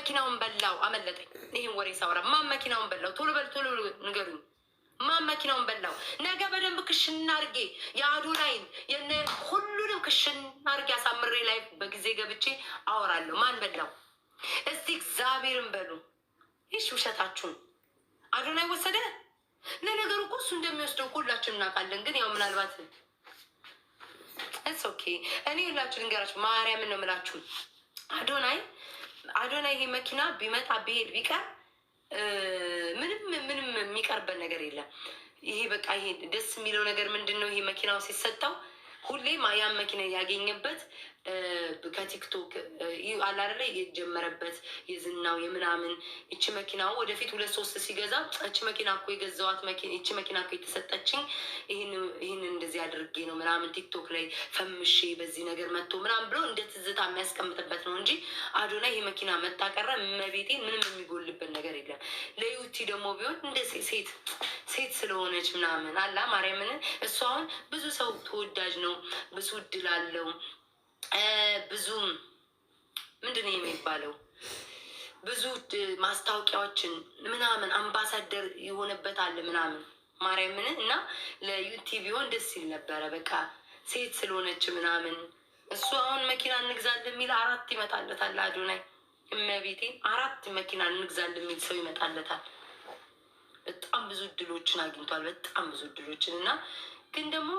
መኪናውን በላው አመለጠኝ። ይህን ወሬ ሳውራ ማን መኪናውን በላው? ቶሎ በል ቶሎ ንገሩኝ። ማን መኪናውን በላው? ነገ በደንብ ክሽና አርጌ የአዶናይን የነ ሁሉንም ክሽና አርጌ አሳምሬ ላይ በጊዜ ገብቼ አወራለሁ። ማን በላው? እስቲ እግዚአብሔርን በሉ። ይሽ ውሸታችሁን አዶናይ ወሰደ። ለነገሩ እኮ እሱ እንደሚወስደው ሁላችን እናውቃለን። ግን ያው ምናልባት ኦኬ እኔ ሁላችሁ ልንገራችሁ፣ ማርያምን ነው የምላችሁ አዶናይ አዶና ይሄ መኪና ቢመጣ ብሄድ ቢቀር ምንም ምንም የሚቀርበት ነገር የለም። ይሄ በቃ ይሄ ደስ የሚለው ነገር ምንድን ነው? ይሄ መኪናው ሲሰጠው ሁሌም ያን መኪና ያገኘበት ከቲክቶክ አላደለ የጀመረበት የዝናው የምናምን እቺ መኪናው ወደፊት ሁለት ሶስት ሲገዛ እቺ መኪና እኮ የገዛዋት እቺ መኪና እኮ የተሰጠችኝ ይህን እንደዚህ አድርጌ ነው ምናምን ቲክቶክ ላይ ፈምሼ በዚህ ነገር መጥቶ ምናምን ብሎ እንደ ትዝታ የሚያስቀምጥበት ነው እንጂ አዶና ይህ መኪና መታቀረ መቤቴ ምንም የሚጎልበት ነገር የለም። ለዩቲ ደግሞ ቢሆን እንደ ሴት ሴት ስለሆነች ምናምን አላ ማርያምን እሷ አሁን ብዙ ሰው ተወዳጅ ነው፣ ብዙ እድል አለው ብዙም ምንድን የሚባለው ብዙ ማስታወቂያዎችን ምናምን አምባሳደር ይሆንበታል ምናምን ማርያምን እና ለዩቲቪውን ደስ ይል ነበረ። በቃ ሴት ስለሆነች ምናምን እሱ አሁን መኪና እንግዛለን የሚል አራት ይመጣለታል። አዶናይ እመቤቴ አራት መኪና እንግዛለን የሚል ሰው ይመጣለታል። በጣም ብዙ እድሎችን አግኝቷል። በጣም ብዙ እድሎችን እና ግን ደግሞ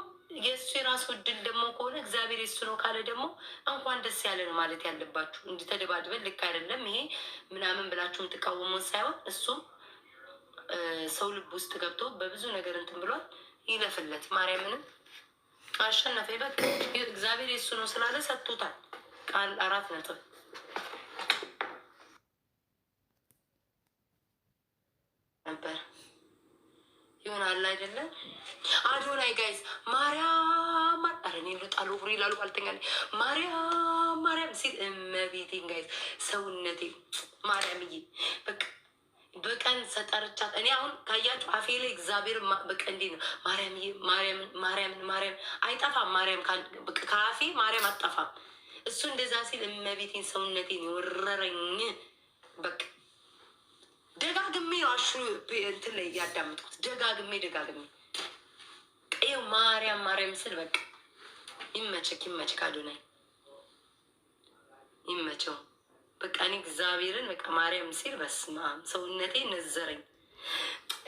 የራስ እድል ደግሞ ከሆነ እግዚአብሔር የሱ ነው ካለ ደግሞ እንኳን ደስ ያለ ነው ማለት ያለባችሁ እንጂ ተደባድበን ልክ አይደለም ይሄ ምናምን ብላችሁ የምትቃወሙን ሳይሆን እሱም ሰው ልብ ውስጥ ገብቶ በብዙ ነገር እንትን ብሏል። ይለፍለት ማርያምንም አሸነፈ። ይበቅ እግዚአብሔር የሱ ነው ስላለ ሰጥቶታል። ቃል አራት ነጥብ ነበር። የሆነ አለ አይደለ? አዶናይ ጋይዝ ማርያም አረኔ ጣሉ ሩ ይላሉ ባልተኛ ማርያም ማርያም ሲል እመቤቴን ጋይዝ ሰውነቴ ማርያም በቃ በቀን ሰጠርቻት እኔ አሁን ካያችሁ አፌ ላይ እግዚአብሔር በቃ እንዴት ነው ማርያም ማርያምን ማርያም አይጠፋም። ማርያም ከአፌ ማርያም አጠፋም። እሱ እንደዛ ሲል እመቤቴን ሰውነቴን የወረረኝ በቃ ደጋግሜ አሹ እንትን ላይ እያዳመጥኩት ደጋግሜ ደጋግሜ ይኸው ማርያም ማርያም ስል በቃ ይመቸክ ይመቸክ አዶናይ ይመቸው። በቃ እኔ እግዚአብሔርን በቃ ማርያም ሲል በስመ አብ ሰውነቴ ነዘረኝ።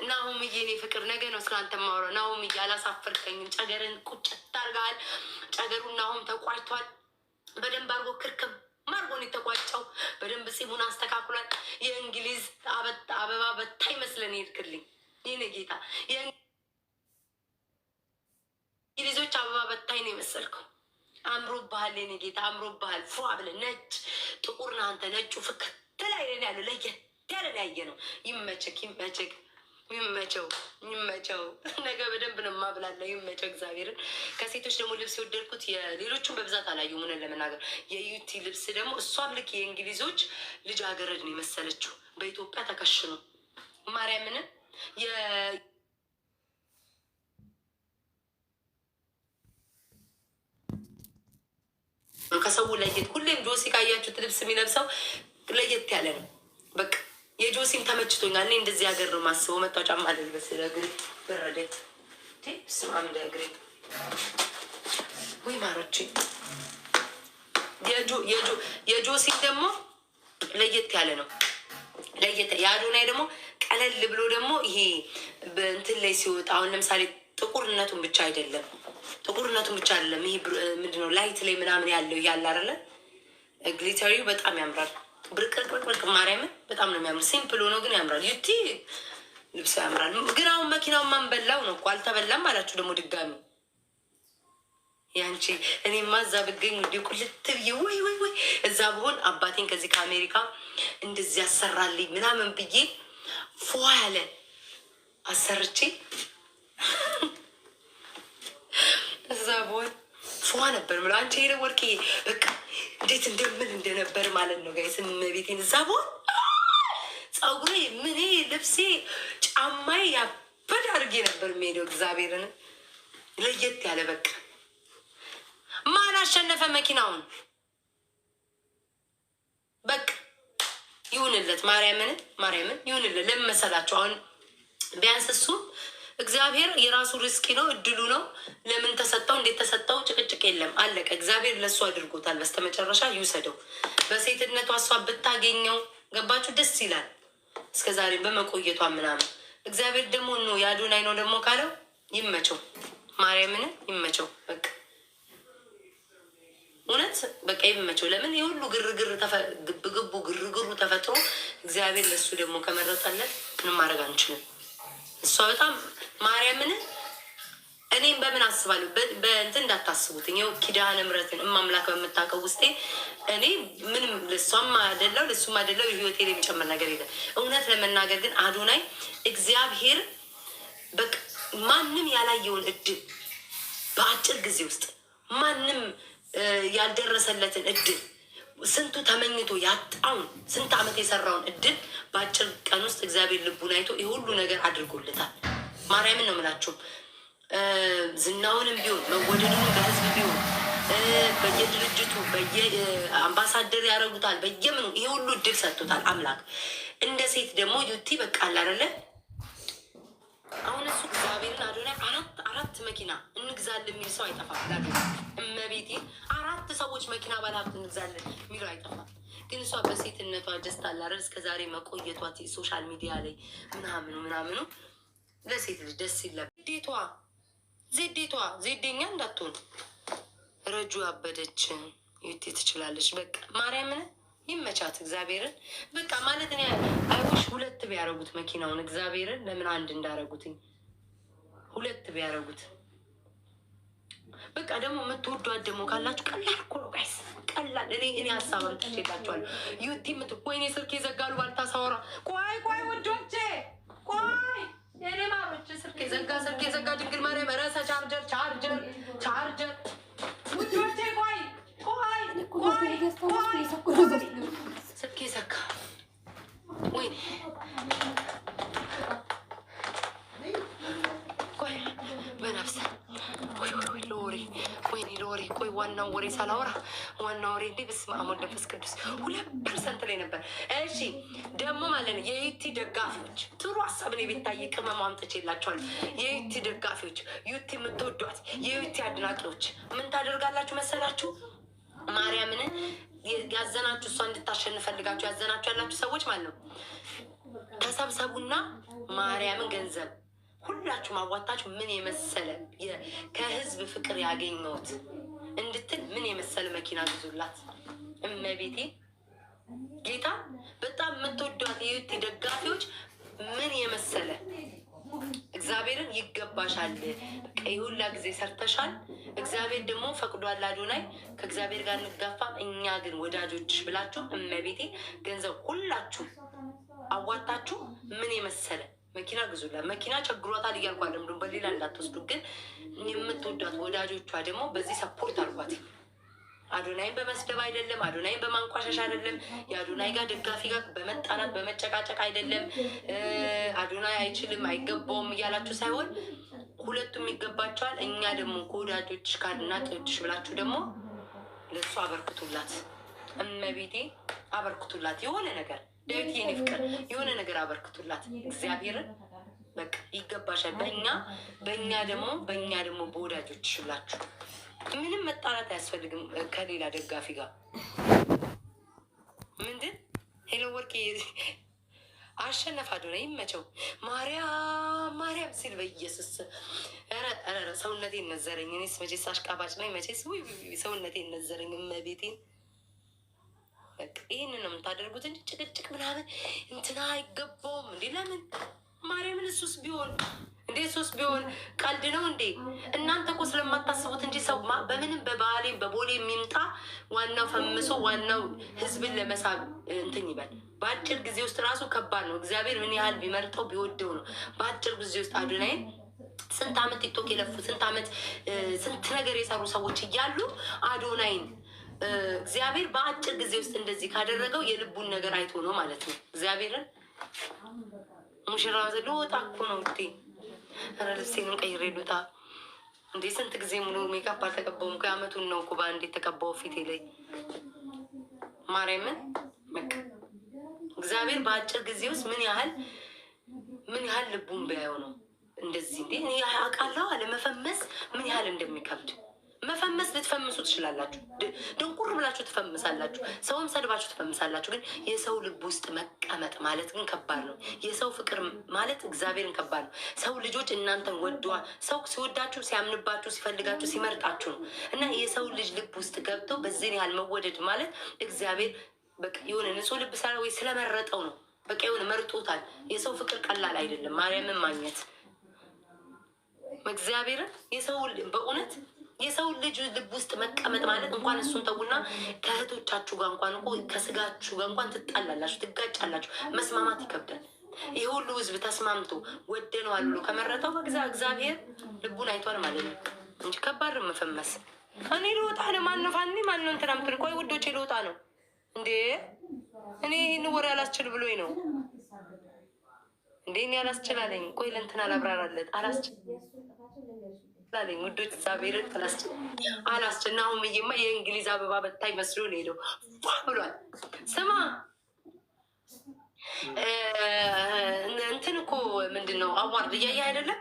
ናሆምዬ እኔ ፍቅር ነገ ነው ስለአንተ ማውራ። ናሆምዬ አላሳፈርከኝም። ጨገርን ቁጭት አድርገሃል። ጨገሩ ናሆም ተቋጭቷል። በደንብ አርጎ ክርክም ማርጎን የተቋጨው በደንብ ፂሙን አስተካክሏል። የእንግሊዝ አበባ በታ ይመስለን ይድክልኝ ይህን ጌታ እንግሊዞች አበባ በታይ ነው የመሰልከው። አምሮ ባህል የኔ ጌታ አምሮ ባህል ፏ ብለ ነጭ ጥቁር ናንተ ነጩ ፍክት ተላይለን ያለ ለየት ያለን ያየ ነው። ይመችክ ይመቸግ ይመቸው ይመቸው። ነገ በደንብ ነው ማብላለ። ይመቸው እግዚአብሔርን። ከሴቶች ደግሞ ልብስ የወደድኩት የሌሎቹን በብዛት አላየሁም፣ ምንን ለመናገር የዩቲ ልብስ ደግሞ እሷም ልክ የእንግሊዞች ልጅ ነው የመሰለችው። በኢትዮጵያ ተከሽኑ ማርያምን ከሰው ለየት ሁሌም ጆሲ ካያችሁት ልብስ የሚለብሰው ለየት ያለ ነው በቃ የጆሲም ተመችቶኛል። እኔ እንደዚህ ሀገር ነው ማስበው። መጣው ጫማ አለበት ስለ እግሬ በረደኝ። ስማም ደግሪ ወይ ማሮች የጆሲም ደግሞ ለየት ያለ ነው። ለየት የአዶናይ ደግሞ ቀለል ብሎ ደግሞ ይሄ በእንትን ላይ ሲወጣ አሁን ለምሳሌ ጥቁርነቱን ብቻ አይደለም ጥቁርነቱን ብቻ አይደለም። ይሄ ምንድነው ላይት ላይ ምናምን ያለው እያለ አይደለ ግሊተሪው በጣም ያምራል። ብርቅርቅርቅ ማርያምን በጣም ነው የሚያምር። ሲምፕል ሆኖ ግን ያምራል። ዩቲ ልብስ ያምራል። ግን አሁን መኪናውን ማን በላው ነው እኮ አልተበላም አላችሁ ደግሞ ድጋሚ ያንቺ እኔ ማዛ ብገኝ እንዲ ቁልት ብዬ ወይ ወይ ወይ እዛ ብሆን አባቴን ከዚህ ከአሜሪካ እንደዚህ ያሰራልኝ ምናምን ብዬ ፎ ያለ አሰርቼ እዛ ብሆን ፎ ነበር ምለ አንቺ ሄደ ወርቅዬ በቃ እንዴት እንደምን እንደነበር ማለት ነው ጋይስ። እመቤቴን እዛ በሆን ፀጉሬ፣ ምኔ፣ ልብሴ፣ ጫማዬ ያበድ አድርጌ ነበር የሚሄደው። እግዚአብሔርን ለየት ያለ በቃ ማን አሸነፈ መኪናውን? በቃ ይሁንለት፣ ማርያምን ማርያምን ይሁንለት። ለምን መሰላችሁ አሁን ቢያንስ እሱም እግዚአብሔር የራሱ ሪስኪ ነው፣ እድሉ ነው። ለምን ተሰጠው፣ እንዴት ተሰጠው፣ ጭቅጭቅ የለም፣ አለቀ። እግዚአብሔር ለእሱ አድርጎታል። በስተመጨረሻ ይውሰደው። በሴትነቷ እሷ ብታገኘው፣ ገባችሁ፣ ደስ ይላል። እስከዛሬ በመቆየቷ ምናምን እግዚአብሔር ደግሞ ኖ የአዶናይ ነው ደግሞ ካለው ይመቸው፣ ማርያምን ይመቸው። በቃ እውነት በቃ ይመቸው። ለምን የሁሉ ግርግር ግብግቡ ግርግሩ ተፈጥሮ እግዚአብሔር ለሱ ደግሞ ከመረጠለት ምንም ማድረግ አንችልም። እሷ በጣም ማርያምን እኔም በምን አስባለሁ በእንትን እንዳታስቡት ው ኪዳነ ምረትን እማምላክ በምታውቀው ውስጤ እኔ ምንም ልሷም አደለው ልሱም አደለው የህይወቴ የሚጨምር ነገር የለም። እውነት ለመናገር ግን አዶናይ እግዚአብሔር ማንም ያላየውን እድል በአጭር ጊዜ ውስጥ ማንም ያልደረሰለትን እድል ስንቱ ተመኝቶ ያጣውን ስንት ዓመት የሰራውን እድል በአጭር ቀን ውስጥ እግዚአብሔር ልቡን አይቶ የሁሉ ነገር አድርጎለታል። ማርያምን ነው ምላችሁም ዝናውንም ቢሆን መወደዱንም በህዝብ ቢሆን በየድርጅቱ በየአምባሳደር ያደረጉታል በየምኑ ይሄ ሁሉ እድል ሰጥቶታል አምላክ። እንደ ሴት ደግሞ ዩቲ በቃ አላደለ አሁን እሱ እግዚአብሔርን አራት መኪና እንግዛል የሚል ሰው አይጠፋም። እመቤቴ አራት ሰዎች መኪና ባለሀብት እንግዛለን የሚለው አይጠፋም። ግን እሷ በሴትነቷ ጀስት አላረ እስከዛሬ መቆየቷ ሶሻል ሚዲያ ላይ ምናምኑ ምናምኑ ለሴት ልጅ ደስ ይለ ዴቷ ዜዴቷ ዜዴኛ እንዳትሆን ረጁ አበደች ይቴ ትችላለች። በቃ ማርያምን ይመቻት እግዚአብሔርን በቃ ማለት አይሽ ሁለት ቢያደረጉት መኪናውን እግዚአብሔርን ለምን አንድ እንዳረጉትኝ ሁለት ቢያደርጉት በቃ ደግሞ የምትወዷት ደግሞ ካላችሁ ቀላል እኮ ነው ጋይስ፣ ቀላል እኔ እኔ ሀሳብ ምትችላቸዋል ዩቲ ምት ወይኔ ስልክ የዘጋሉ ባልታሳወራ ቆይ ቆይ ወዶቼ ቆይ እኔ ማሮች ስልክ የዘጋ ስልክ የዘጋ ድንግል ማርያም ረሰ ቻርጀር ቻርጀር ቻርጀር ውዶቼ ቆይ ቆይ ቆይ ቆይ ስልክ የዘጋ ወይኔ በነፍስ ወይ ወይ ሎሪ ወይ ለወሬ ቆይ፣ ዋናው ወሬ ሳላወራ ዋናው ወሬ እንዴ! በስመ አብ ወወልድ ወመንፈስ ቅዱስ ሁለት ፐርሰንት ላይ ነበር። እሺ ደግሞ ማለት ነው የዩቲ ደጋፊዎች ጥሩ ሀሳብ ነው ቤታዬ ቅመም አምጥቼላቸዋል። የዩቲ ደጋፊዎች ዩቲ የምትወዷት የዩቲ አድናቂዎች ምን ታደርጋላችሁ መሰላችሁ? ማርያምን ያዘናችሁ እሷ እንድታሸንፍ ፈልጋችሁ ያዘናችሁ ያላችሁ ሰዎች ማለት ነው ተሰብሰቡና ማርያምን ገንዘብ ሁላችሁም አዋጣችሁ ምን የመሰለ ከህዝብ ፍቅር ያገኘሁት እንድትል ምን የመሰለ መኪና ግዙላት። እመቤቴ ጌታ በጣም የምትወዷት የዩቲ ደጋፊዎች ምን የመሰለ እግዚአብሔርን ይገባሻል። የሁላ ጊዜ ሰርተሻል። እግዚአብሔር ደግሞ ፈቅዷል። አዶናይ ከእግዚአብሔር ጋር እንጋፋ እኛ ግን ወዳጆች ብላችሁ እመቤቴ ገንዘብ ሁላችሁ አዋጣችሁ ምን የመሰለ መኪና ግዙላ መኪና ቸግሯታል እያልኩ አለምዱ በሌላ እንዳትወስዱ። ግን የምትወዳት ወዳጆቿ ደግሞ በዚህ ሰፖርት አልኳት። አዶናይን በመስደብ አይደለም፣ አዶናይን በማንቋሸሽ አይደለም፣ የአዶናይ ጋር ደጋፊ ጋር በመጣናት በመጨቃጨቅ አይደለም። አዶናይ አይችልም አይገባውም እያላችሁ ሳይሆን ሁለቱም ይገባቸዋል። እኛ ደግሞ ከወዳጆች ጋር እናቶች ብላችሁ ደግሞ ለሱ አበርክቱላት፣ እመቤቴ አበርክቱላት የሆነ ነገር ዳዊት የኔ ፍቅር የሆነ ነገር አበርክቱላት እግዚአብሔርን በቃ ይገባሻል። በእኛ በእኛ ደግሞ በእኛ ደግሞ በወዳጆች ሽላችሁ ምንም መጣላት አያስፈልግም። ከሌላ ደጋፊ ጋር ምንድን ሄሎ ወርቅ አሸነፍ አዶነ ይመቸው። ማርያም ማርያም ሲል በኢየሱስ ሰውነቴን ነዘረኝ። እኔስ መቼስ አሽቃባጭ ላይ መቼስ ሰውነቴን ነዘረኝ እመቤቴን ይህን ነው የምታደርጉት እንጂ ጭቅጭቅ ምናምን እንትና አይገባውም እንዴ! ለምን ማርያምን? እሱስ ቢሆን እንዴ ሱስ ቢሆን ቀልድ ነው እንዴ? እናንተ እኮ ስለማታስቡት እንጂ ሰው በምንም በባህሌም በቦሌ የሚምጣ ዋናው ፈምሶ ዋናው ህዝብን ለመሳብ እንትን ይበል። በአጭር ጊዜ ውስጥ ራሱ ከባድ ነው። እግዚአብሔር ምን ያህል ቢመርጠው ቢወደው ነው በአጭር ጊዜ ውስጥ አዶናይን ስንት አመት ቲክቶክ የለፉ ስንት አመት ስንት ነገር የሰሩ ሰዎች እያሉ አዶናይን እግዚአብሔር በአጭር ጊዜ ውስጥ እንደዚህ ካደረገው የልቡን ነገር አይቶ ነው ማለት ነው። እግዚአብሔርን ሙሽራ ልወጣ እኮ ነው እንዴ! ኧረ ልብሴንም ቀይሬ ልውጣ እንዴ! ስንት ጊዜ ሙሉ ሜካፕ አልተቀባውም። የአመቱን ነው እኮ በአንዴ የተቀባው ፊቴ ላይ ማርያምን። እግዚአብሔር በአጭር ጊዜ ውስጥ ምን ያህል ምን ያህል ልቡን ቢያየው ነው እንደዚህ እንዴ! አውቃለሁ አለመፈመስ ምን ያህል እንደሚከብድ መፈመስ ልትፈምሱ ትችላላችሁ። ድንቁር ብላችሁ ትፈምሳላችሁ። ሰውም ሰድባችሁ ትፈምሳላችሁ። ግን የሰው ልብ ውስጥ መቀመጥ ማለት ግን ከባድ ነው። የሰው ፍቅር ማለት እግዚአብሔርን ከባድ ነው። ሰው ልጆች እናንተን ወድዋ ሰው ሲወዳችሁ፣ ሲያምንባችሁ፣ ሲፈልጋችሁ፣ ሲመርጣችሁ ነው እና የሰው ልጅ ልብ ውስጥ ገብተው በዚህን ያህል መወደድ ማለት እግዚአብሔር በቃ የሆነ ንጹህ ልብ ወይ ስለመረጠው ነው። በቃ የሆነ መርጦታል። የሰው ፍቅር ቀላል አይደለም። ማርያምን ማግኘት እግዚአብሔርን የሰው በእውነት የሰው ልጅ ልብ ውስጥ መቀመጥ ማለት እንኳን እሱን ተውና ከእህቶቻችሁ ጋር እንኳን እኮ ከስጋችሁ ጋር እንኳን ትጣላላችሁ፣ ትጋጫላችሁ። መስማማት ይከብዳል። ይህ ሁሉ ህዝብ ተስማምቶ ወደ ነው አሉ ከመረጠው በግዛ እግዚአብሔር ልቡን አይቷል ማለት ነው እንጂ ከባድ መፈመስ እኔ ልወጣ ነው ማነው ፋኒ ማነው እንትና ምትል ቆይ ውዶቼ ልወጣ ነው እንዴ እኔ ይህን ወሬ አላስችል ብሎኝ ነው እንዴ እኔ አላስችላለኝ ቆይ ለእንትና ላብራራለት አላስችል ዛለኝ ውዶች እግዚአብሔርን ተነስ አላስችና አሁን ይማ የእንግሊዝ አበባ በታይ መስሎ ነው ሄደው ብሏል። ስማ እንትን እኮ ምንድን ነው አዋርድ እያየህ አይደለም?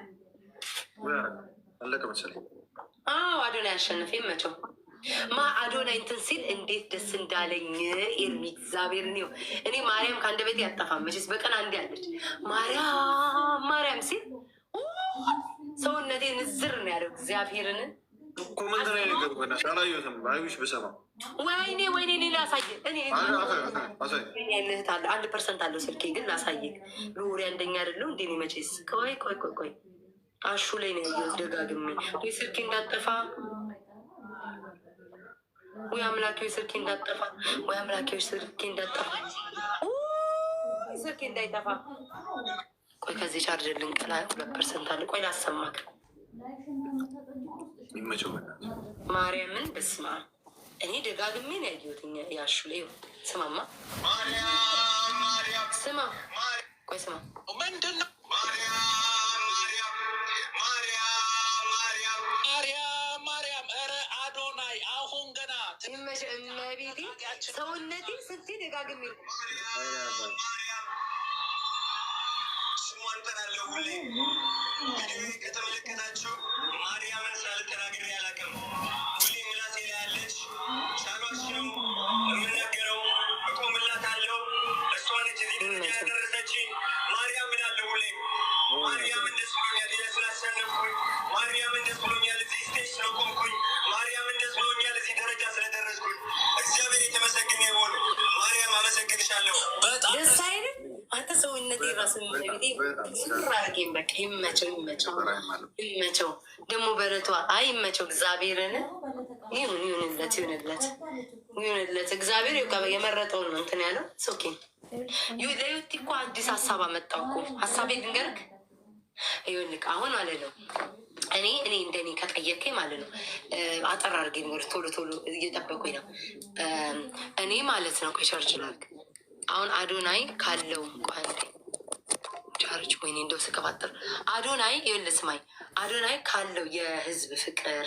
አለቀ መሰለኝ። አዎ አዶናይ አሸነፍ መቸው ማ አዶናይ እንትን ሲል እንዴት ደስ እንዳለኝ ኤርሚ እግዚአብሔር ነው። እኔ ማርያም ከአንድ ቤት ያጠፋ መችስ በቀን አንዴ አለች ማርያም ማርያም ሲል ሰውነቴ ዝር ነው ያለው። እግዚአብሔርን ኮመንት ወይኔ ወይኔ እኔ ላሳየ አለ አንድ ፐርሰንት አለው ስልኬ ግን ላሳየ አንደኛ እንዴ መቼስ። ቆይ ቆይ ቆይ ቆይ አሹ ላይ ነው ያየሁት ደጋግሜ። ወይ ስልኬ እንዳጠፋ ወይ ስልኬ እንዳጠፋ ወይ ስልኬ እንዳጠፋ ስልኬ እንዳይጠፋ ቆይ ከዚህ ቻርጅ ልንቀላ ሁለት ፐርሰንት አለ። ቆይ ላሰማክ ማርያምን በስማ እኔ ደጋግሜ ነው ያየሁት። ያሹ ላይ ስማማ ስማ ቆይ ስማ ምንድን ነው ሰውነቴ ስንቴ ደጋግሜ አወጣናለሁ። ሁሌ ቪዲዮ ከተመለከታችሁ ማርያምን ሳልተናግሬ አላውቅም። ሁሌ ምላሴ ላይ ያለች ሳሏች ነው የምናገረው። እቆምላታለሁ። እሷ ነች እዚህ ደረጃ ያደረሰችኝ። ማርያምን እላለሁ ሁሌ። ማርያምን ደስ ብሎኛል ስላሸነፍኩኝ። ማርያምን ደስ ብሎኛል እዚህ ስቴጅ ስለቆምኩኝ። ማርያምን ደስ ብሎኛል እዚህ ደረጃ ስለደረስኩኝ። እግዚአብሔር የተመሰገነ ይሁን። ማርያም አመሰግንሻለሁ በጣም አንተ ሰውነት ራሱ ይመቸው ይመቸው ይመቸው። ደግሞ በረቷ አይ ይመቸው። እግዚአብሔርን ይሁን ይሁንለት ይሁንለት ይሁንለት። እግዚአብሔር የመረጠውን ነው እንትን ያለው ሶኬ ለዩቲ እኮ አዲስ ሀሳብ አመጣው እኮ ሀሳቤ ልንገርክ። ይሁንልክ አሁን ማለት ነው እኔ እኔ እንደኔ ከጠየቀኝ ማለት ነው አጠራርጌ ቶሎ ቶሎ እየጠበቁኝ ነው እኔ ማለት ነው ቆይ ቸርች አሁን አዶናይ ካለው አንዴ ቻርች ወይኔ እንደው ስቀባጠር አዶናይ ይኸውልህ ስማኝ አዶናይ ካለው የህዝብ ፍቅር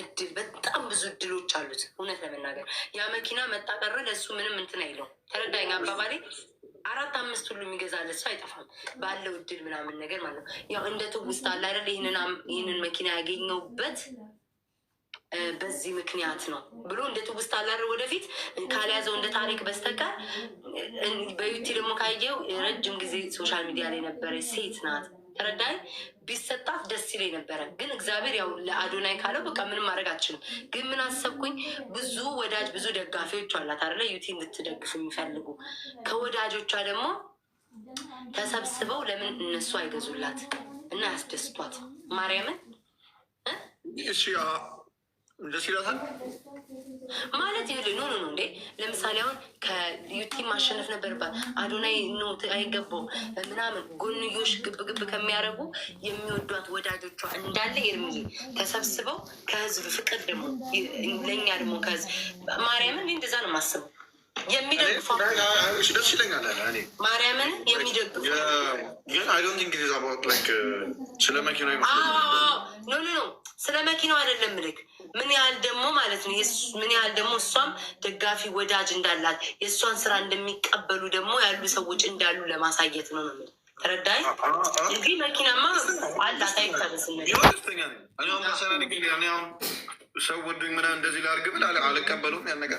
እድል በጣም ብዙ እድሎች አሉት። እውነት ለመናገር ያ መኪና መጣቀረ ለእሱ ምንም እንትን አይለው። ተረዳኝ አባባሌ አራት አምስት ሁሉ የሚገዛለት እሱ አይጠፋም ባለው እድል ምናምን ነገር ማለት ነው። ያው እንደ ትውስታ አለ አይደል? ይህንን መኪና ያገኘውበት በዚህ ምክንያት ነው ብሎ እንደ ትውስታ አለ አይደል? ወደፊት ካልያዘው እንደ ታሪክ በስተቀር በዩቲ ደግሞ ካየው ረጅም ጊዜ ሶሻል ሚዲያ ላይ ነበረ። ሴት ናት ተረዳኝ። ቢሰጣት ደስ ይለኝ ነበረ፣ ግን እግዚአብሔር ያው ለአዶናይ ካለው በቃ ምንም ማድረግ አትችልም። ግን ምን አሰብኩኝ፣ ብዙ ወዳጅ ብዙ ደጋፊዎች አላት አለ ዩቲ እንድትደግፍ የሚፈልጉ ከወዳጆቿ ደግሞ ተሰብስበው ለምን እነሱ አይገዙላት እና ያስደስቷት ማርያምን እሺ እንደሱ ይላታል ማለት ይኸውልህ፣ ኖ ኖ ኖ እንዴ ለምሳሌ አሁን ከዩቲ ማሸነፍ ነበርባት። አዶናይ ኖ አይገባው ምናምን ጎንዮሽ ግብግብ ከሚያደርጉ የሚወዷት ወዳጆቿ እንዳለ ኤርሚ ተሰብስበው ከህዝብ ፍቅር ደግሞ ለእኛ ደግሞ ከህዝብ ማርያምን እንደዛ ነው የማስበው ደስ ይለኛል። ማርያምን የሚደግፉ ግን አይ ዶንት ቲንክ ኢት ኢዝ አባውት ላይክ ስለ መኪናው ኖ ኖ ኖ ስለ መኪናው አይደለም። ልክ ምን ያህል ደግሞ ማለት ነው ምን ያህል ደግሞ እሷም ደጋፊ ወዳጅ እንዳላት የእሷን ስራ እንደሚቀበሉ ደግሞ ያሉ ሰዎች እንዳሉ ለማሳየት ነው ነው ተረዳኝ። እዚህ መኪናማ አላት አይታበስነ ሰው ወዱኝ ምናምን እንደዚህ ላድርግ ብል አልቀበሉም። ያን ነገር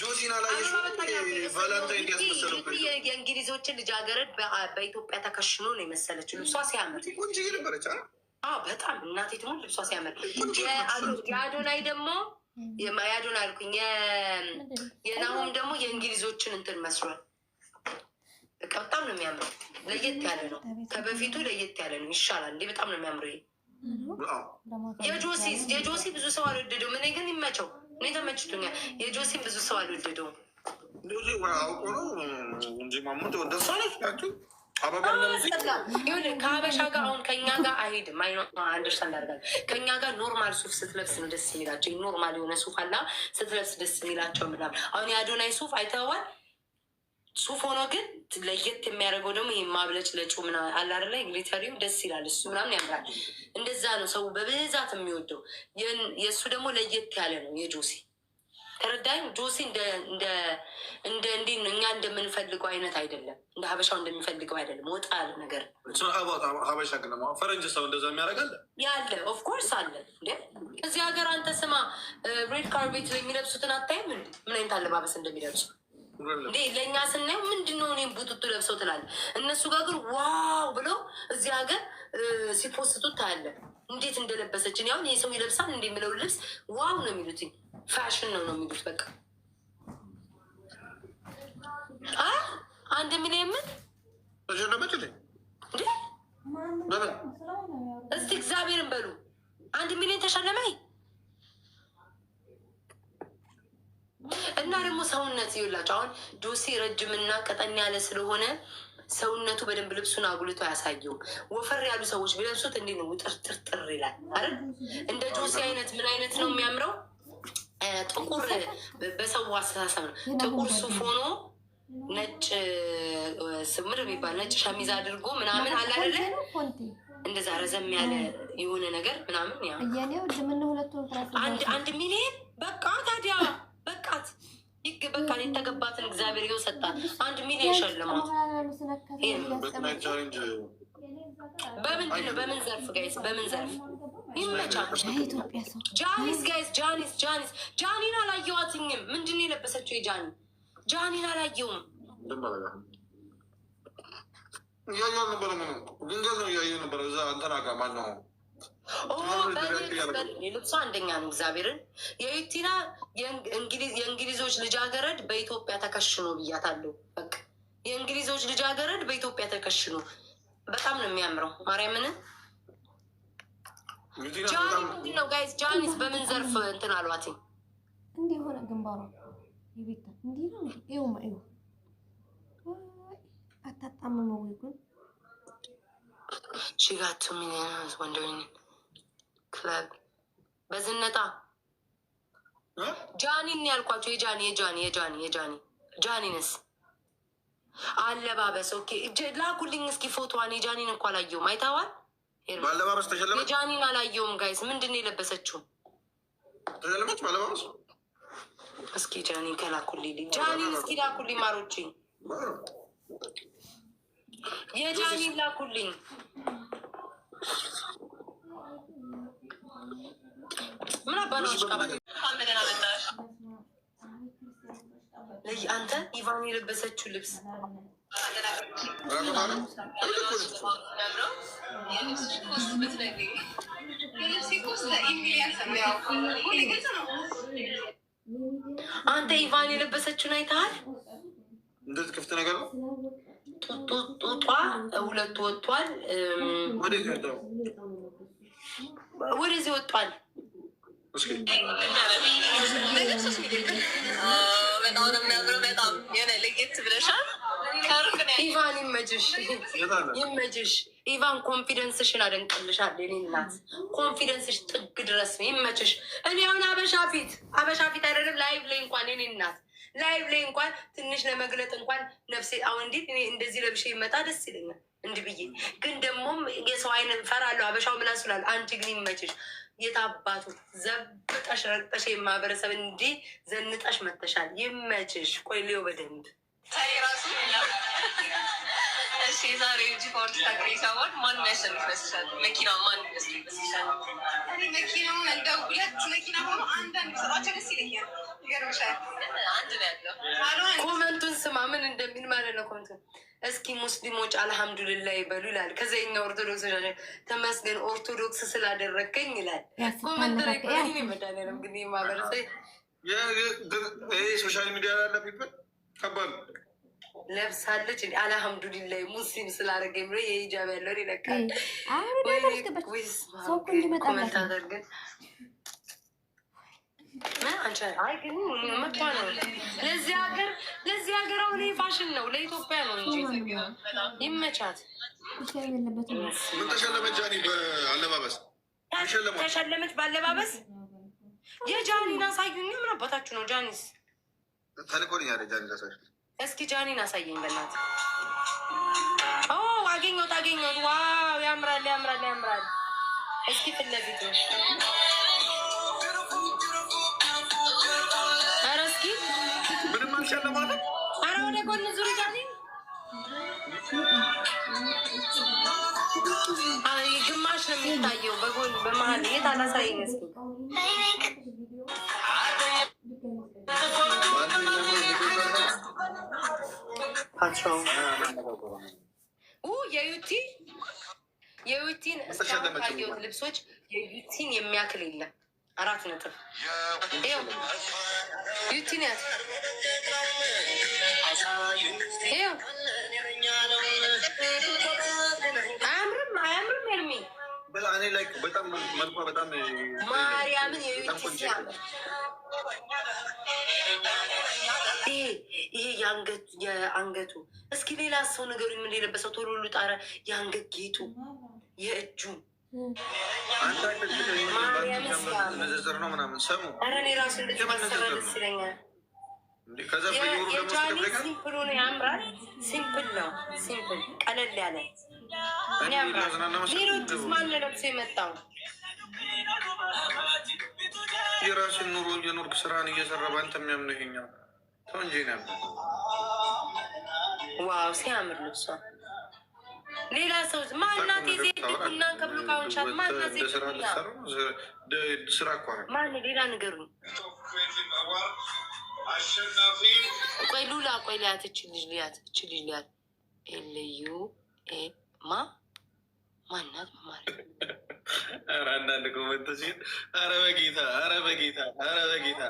ጆሲና ላይ የእንግሊዞችን ልጃገረድ በኢትዮጵያ ተከሽኖ ነው የመሰለችው። ልብሷ ሲያምር በጣም እናቴ ደግሞ ልብሷ ሲያምር የአዶናይ ደግሞ የአዶናይ አልኩኝ የናሁም ደግሞ የእንግሊዞችን እንትን መስሏል። በቃ በጣም ነው የሚያምረው። ለየት ያለ ነው ከበፊቱ ለየት ያለ ነው። ይሻላል እንዴ! በጣም ነው የሚያምረው። የጆሲ የጆሲ ብዙ ሰው አልወደደውም። እኔ ግን ይመቸው እኔ ተመችቶኛል። የጆሴን ብዙ ሰው አልወደደውም። ከሀበሻ ጋር አሁን ከኛ ጋር አይሄድም። አንደርስታንድ ከኛ ጋር ኖርማል ሱፍ ስትለብስ ነው ደስ የሚላቸው። ኖርማል የሆነ ሱፍ አላ ስትለብስ ደስ የሚላቸው ምናምን። አሁን የአዶናይ ሱፍ አይተኸዋል? ሱፍ ሆኖ ግን ለየት የሚያደርገው ደግሞ ይህ ማብለጭ ለጩ ምና አላር ላይ ግሊተሪው ደስ ይላል። እሱ ምናምን ያምራል። እንደዛ ነው ሰው በብዛት የሚወደው። የእሱ ደግሞ ለየት ያለ ነው የጆሲ ተረዳኝ። ጆሲ እንደ እንዲ እኛ እንደምንፈልገው አይነት አይደለም፣ እንደ ሀበሻው እንደሚፈልገው አይደለም። ወጣ ያለ ነገር ሀበሻ ግን ፈረንጅ ሰው እንደዛ የሚያደርጋለ ያለ ኦፍኮርስ አለ። እዚህ ሀገር አንተ ስማ፣ ሬድ ካርቤት የሚለብሱትን አታይም? ምን አይነት አለባበስ እንደሚለብሱ ለእኛ ስናየው ምንድነው እኔም ቡጡጡ ለብሰው ትላለ። እነሱ ጋር ግን ዋው ብለው እዚህ ሀገር ሲፖስቱ ታያለ። እንዴት እንደለበሰች ያሁን ይህ ሰው ይለብሳል እንደ የሚለው ልብስ ዋው ነው የሚሉት፣ ፋሽን ነው ነው የሚሉት። በቃ አንድ ሚሊዮን ምን እስቲ እግዚአብሔርን በሉ አንድ ሚሊዮን ተሸለመኝ እንደዚህ ይላቸው። አሁን ዶሴ ረጅምና ቀጠን ያለ ስለሆነ ሰውነቱ በደንብ ልብሱን አጉልቶ ያሳየው ወፈር ያሉ ሰዎች ቢለብሱት እንዲህ ነው ውጥርጥርጥር ይላል አይደል? እንደ ጆሴ አይነት ምን አይነት ነው የሚያምረው? ጥቁር በሰው አስተሳሰብ ነው። ጥቁር ሱፍ ሆኖ ነጭ ስምር የሚባል ነጭ ሸሚዝ አድርጎ ምናምን አለ አይደለ? እንደዛ ረዘም ያለ የሆነ ነገር ምናምን አንድ ሚሊየን በቃ ታዲያ በቃት ይህ በቃ የተገባትን እግዚአብሔር ይኸው ሰጣት። አንድ ሚሊዮን ሸልማት። በምንድን ነው? በምን ዘርፍ ጋይስ? በምን ዘርፍ ጃኒስ ጋይስ፣ ጃኒስ ጃኒስ፣ ጃኒን አላየዋትኝም። ምንድን ነው የለበሰችው? የጃኒ ጃኒን አላየውም። ድንገት ነው ነበረ። እዛ እንትን አጋማ ነው ሌሎቹ አንደኛ ነው። እግዚአብሔርን የዩቲና የእንግሊዞች ልጃገረድ በኢትዮጵያ ተከሽኖ ብያታለሁ። በቃ የእንግሊዞች ልጃገረድ በኢትዮጵያ ተከሽኖ በጣም ነው የሚያምረው። ማርያምን ጃኒ ምንድን ነው ጋይዝ? ጃኒስ በምን ዘርፍ እንትን አሏት? እንዲህ ሆነ ግንባሯ እንዲህ ነው። ይኸውማ ይኸው አታጣምመው ግን She got two million. I was wondering. Club. በዝነጣ ጃኒን ያልኳቸው የጃኒ የጃኒ የጃኒ የጃኒ ጃኒንስ አለባበስ ኦኬ፣ ላኩልኝ እስኪ ፎቶዋን። የጃኒን እኮ አላየሁም። አይተዋል? ባለባበስ ተሸለመች። የጃኒን አላየሁም ጋይስ። ምንድን ነው የለበሰችው? ተሸለመች ባለባበስ። እስኪ ጃኒን ከላኩልኝ፣ ጃኒን እስኪ ላኩልኝ ማሮችኝ የዳኒ ላኩልኝ። ምን አባነሽ አንተ ኢቫን የለበሰችው ልብስ አንተ ኢቫን የለበሰችውን አይተሃል? እንደዚህ ክፍት ነገር ነው። ጡጧ ሁለቱ ወጥቷል፣ ወደዚህ ወጥቷል። በጣም ነው ኢቫን ይመችሽ፣ ይመችሽ ኢቫን ኮንፊደንስሽን አደንቅልሻል። የኔ እናት ኮንፊደንስሽ ጥግ ድረስ ነው። ይመችሽ። እኔ አሁን አበሻ ፊት አበሻ ፊት አይደለም ላይቭ ላይ እንኳን የኔ እናት ላይቭ ላይ እንኳን ትንሽ ለመግለጥ እንኳን ነፍሴ አሁን እንዴት እኔ እንደዚህ ለብሼ ይመጣ ደስ ይለኛል። እንዲህ ብዬ ግን ደግሞም የሰው አይን ፈራለሁ። አበሻው ምናምን ስላል አንቺ ግን ይመችሽ። የታባቱ ዘብጠሽ ረግጠሽ የማህበረሰብ እንዲህ ዘንጠሽ መተሻል። ይመችሽ። ቆይ ልዮ በደንብ ራሱ እሺ። ዛሬ እጅ ፓርቲ ታቅሬታ ዋል ማን ያሸንፍ ይመስልሻል? መኪና ማን ይመስል ይመስልሻል? መኪናው እንደ ሁለት መኪና ሆኖ አንዳንድ ሰጣቸው ደስ ይለኛል። ኮመንቱን ስማ፣ ምን እንደሚል ማለት ነው። ኮመንቱን እስኪ ሙስሊሞች አልሐምዱልላ ይበሉ ይላል። ከዛ የኛ ኦርቶዶክስ ተመስገን ኦርቶዶክስ ስላደረግከኝ ይላል። ኮመንት ላይ መዳለም ግን ማህበረሰብ ሶሻል ሚዲያ ላለሚበት ከባድ ለብሳለች አልሐምዱሊላ ሙስሊም ስላደረገ ብሎ የሂጃብ ያለውን ይለቃል። ሰው እንዲመጣ ለዚህ ሀገር ለዚህ ሀገር አሁን ፋሽን ነው፣ ለኢትዮጵያ ነው እንጂ ይመቻት። ምን ተሸለመች? ጃኒ በአለባበስ ተሸለመች፣ በአለባበስ የጃኒን አሳዩኝ። ምን አባታችሁ ነው? ጃኒስ ተልኮልኛል። ጃኒ እስኪ ጃኒን አሳየኝ በእናትህ። አገኘሁት፣ አገኘሁት። ዋው! ያምራል፣ ያምራል፣ ያምራል። እስኪ ፊት ለፊት ነው ኧረ ወደ ጎን ዙሪ። አይ ግማሽ ነው የሚታየው። በጎን በመሀል የት አላሳየኝ እስኪ የዩቲ የዩቲን እስካሁን ካየሁት ልብሶች የዩቲን የሚያክል የለም። አራት ነጥብ ዩቲ አያምርም አያምርም። ኤርሚ ማርያምን ይሄ የአንገቱ የአንገቱ እስኪ ሌላ ሰው ነገሩ ምን የለበሰው ቶሎ ጣረ የአንገት ጌጡ የእጁ ንዝዝር ነው ምናምን ሰሙ ከዛ ሲምፕሉ ነው ያምራል። ሲምፕል ነው ሲምፕል ቀለል ያለ ሌሎችስ ማን ለብሶ የመጣው የራስን ኑሮ የኖርክ ስራን እየሰራ በአንተ የሚያምነው ይሄኛው ተው እንጂ ነበር። ዋው ሲያምር ልብሷ ሌላ ሰው ማናት? የዜድ ቡና ከብሎ ቃውን ማናት? ዜድ ቡና ስራ እኮ ማን ሌላ ነገሩ። ቆይ ሉላ ቆይ ሊያት እች ልጅ ሊያት እች ልጅ ሊያት ኤ ማ ማናት? ማማር ኧረ አንዳንድ ኮመንት ሲል ኧረ በጌታ ኧረ በጌታ ኧረ በጌታ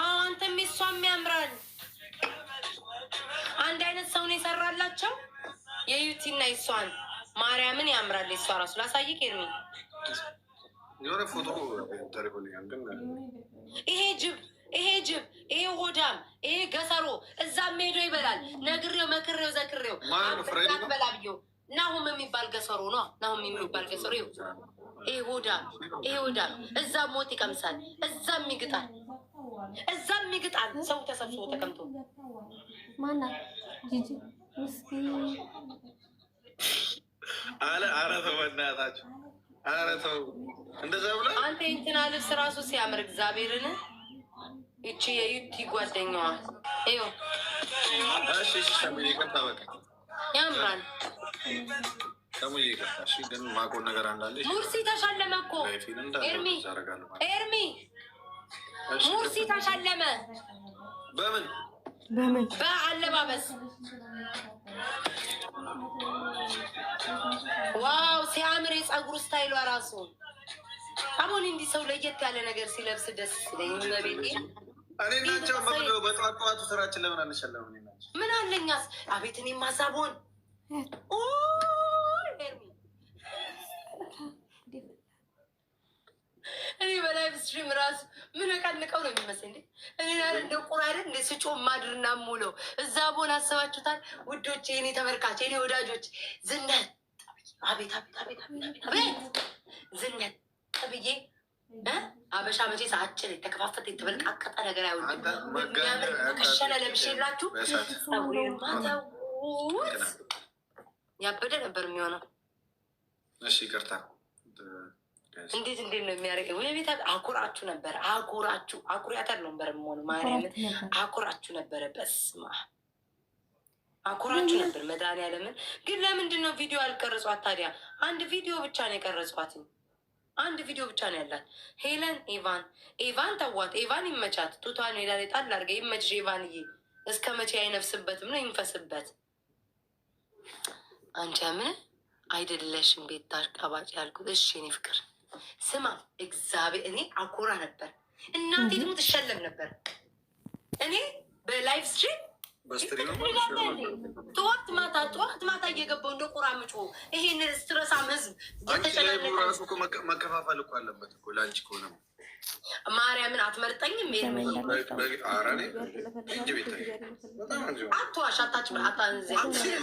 አንተም እሷም ያምራል። አንድ አይነት ሰውን የሰራላቸው የዩቲና ይሷን ማርያምን ያምራል። ይሷ ራሱ ላሳይቅ የሚ ይሄ ጅብ ይሄ ጅብ ይሄ ሆዳም ይሄ ገሰሮ እዛም ሄዶ ይበላል። ነግሬው መክሬው ዘክሬው በላ ብዬው ናሁም የሚባል ገሰሮ ነ ናሁም የሚባል ገሰሮ ይሄ ሆዳም ይሄ ሆዳም እዛም ሞት ይቀምሳል፣ እዛም ይግጣል፣ እዛም ይግጣል። ሰው ተሰብስቦ ተቀምጦ ማናት? ጂጂ አረ ተው በእናታችሁ፣ አረ ተው እንደዛ አንተ እንትና ልብስ ራሱ ሲያምር እግዚአብሔርን ይቺ የዩቲ ጓደኛዋ እዩ ሙርሲ ተሸለመ እኮ ኤርሚ፣ ኤርሚ ሙርሲ ተሸለመ በምን በአለባበስ ዋው ሲያምር የፀጉር ስታይሏ ራሱ አሁን እንዲህ ሰው ለየት ያለ ነገር ሲለብስ ደስ ስለኝ በቤቴ ምን አለኛስ አቤት እኔ ማሳቦን እኔ በላይቭ ስትሪም ራሱ ምን ቀንቀው ነው የሚመስል እኔ ላለ እንደ ቁራይደ እንደ ስጮ ማድርና ሙለው እዛ ቦን አስባችሁታል ውዶች፣ የኔ ተመልካች፣ የኔ ወዳጆች ዝነት አቤት አቤት አቤት አቤት ዝነት ብዬ አበሻ መቼስ አጭር የተከፋፈተ የተበልቃቀጠ ነገር አይወድም። የሚያምር ከሸለ ለብሼላችሁ ማታውት ያበደ ነበር የሚሆነው። እሺ ይቅርታ እንዴት እንዴት ነው የሚያደርገው? ወይ ቤት አኩራችሁ ነበረ አኩራችሁ አኩሪያታል ነበር መሆኑ ማርያምን አኩራችሁ ነበረ። በስማ አኩራችሁ ነበር። መድኃኒዓለምን ግን ለምንድን ነው ቪዲዮ አልቀረጿት ታዲያ? አንድ ቪዲዮ ብቻ ነው የቀረጿት። አንድ ቪዲዮ ብቻ ነው ያላት ሄለን ኤቫን ኤቫን ተዋት። ኤቫን ይመቻት። ቱቷን ሄዳ ላይ ጣል አድርገህ ይመችሽ ኤቫንዬ። እስከ መቼ አይነፍስበትም ነው ይንፈስበት። አንቺ ምን አይደለሽም ቤት ታሽቃባጭ ያልኩት። እሺ እኔ ፍቅር ስማ እግዚአብሔር እኔ አኮራ ነበር። እናቴ ደግሞ ትሸለም ነበር። እኔ በላይቭ ስትሪም ጠዋት ማታ ጠዋት ማታ እየገባው እንደ ቁራ ምጮ ይሄን ስትረሳም ህዝብ መከፋፈል እኮ አለበት እኮ ለአንቺ ከሆነ ማርያምን አትመርጠኝም። አትዋሽ አታች